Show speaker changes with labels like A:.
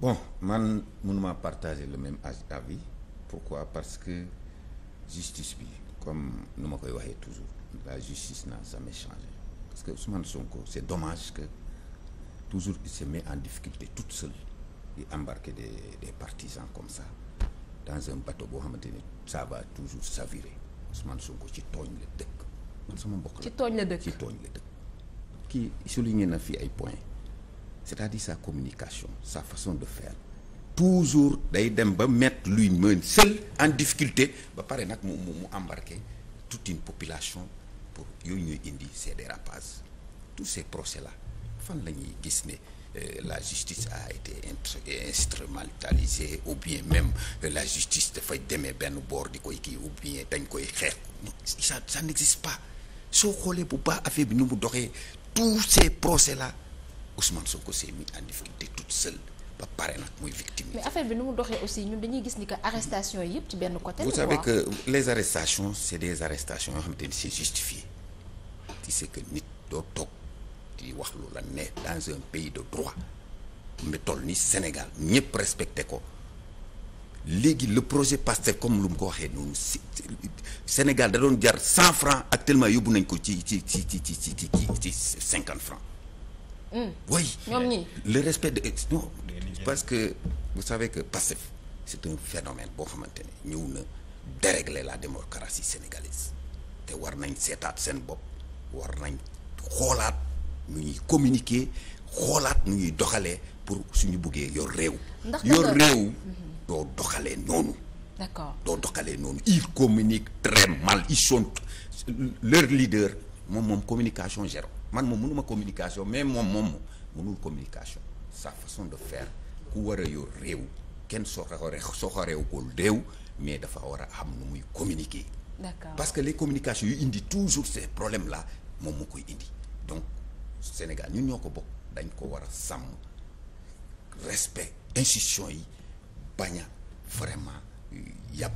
A: bon man mënuma partager le même avis pourquoi parce que justice bi comme nu ma koy waxee toujours la justice n'a jamais changer parce que su man Sonko c'est dommage que toujours il se met en difficulté toute seule di embarquer des des partisans comme ça dans un bateau boo xamante ni ça va toujours su Ousmane Sonko ci tooñ la dëkk man sama mbokk la ci tooñ la dëkk ci tooñ la dëkk kii souligné na fii ay points c'est-à-dire sa communication sa façon de faire toujours day dem ba mettre luy même seul en difficulté ba pare nag mu mu embarquer toute une population pour yooyu ñuy indi c'est des rapaces tous ces procès la fan la ñuy gis ne euh, la justice a été instrumentalisée ou bien même euh, la justice dafay demee benn boor di koy kii ou bien dañ koy xeex ça ça n'existe pas soo xoolee bu baax affaire bi nu mu doxee tous ces procès là Ousmane Sonko s'est mis en difficulté toute seule ba pare nag muy victime. mais affaire bi nu mu doxee aussi ñun dañuy gis ni que arrestation yëpp ci benn côté. vous savez les arrestations c' des arrestations yoo xamante ni c' est justifié ci que nit doo toog di wax lu la ne dans un pays de droit mu toll ni Sénégal ñëpp respecté ko léegi le projet Pastef comme lu mu ko waxee noonu Sénégal da doon jar cent francs actuellement yóbbu nañ ko ci ci ci ci ci ci ci cinquante francs. Mmh. oui ñoom ñii le respect de non parce que vous savez que Pastef c'est un phénomène boo xamante ne ñëw na dérégler la démocratie sénégalaise te war nañ seetaat seen bopp war nañ xoolaat nu ñuy communiquer xoolaat nu ñuy doxalee pour suñu buggee yor réew yor réew mmh. doo doxalee noonu doo doxalee noonu ils communiquent très mal ils leur leader moom moom communication zéro man moom mënuma communication mais moom moom mënul communication sa façon de faire ku war a yor réew kenn soxore soxoreew ko réew mais dafa war a xam nu muy communiquer. d'accord parce que les communications yu indi toujours ces problèmes là moom moo koy indi donc Sénégal ñun ñoo ko bokk dañ ko war a sàmm respect institution yi bañ a vraiment yàpp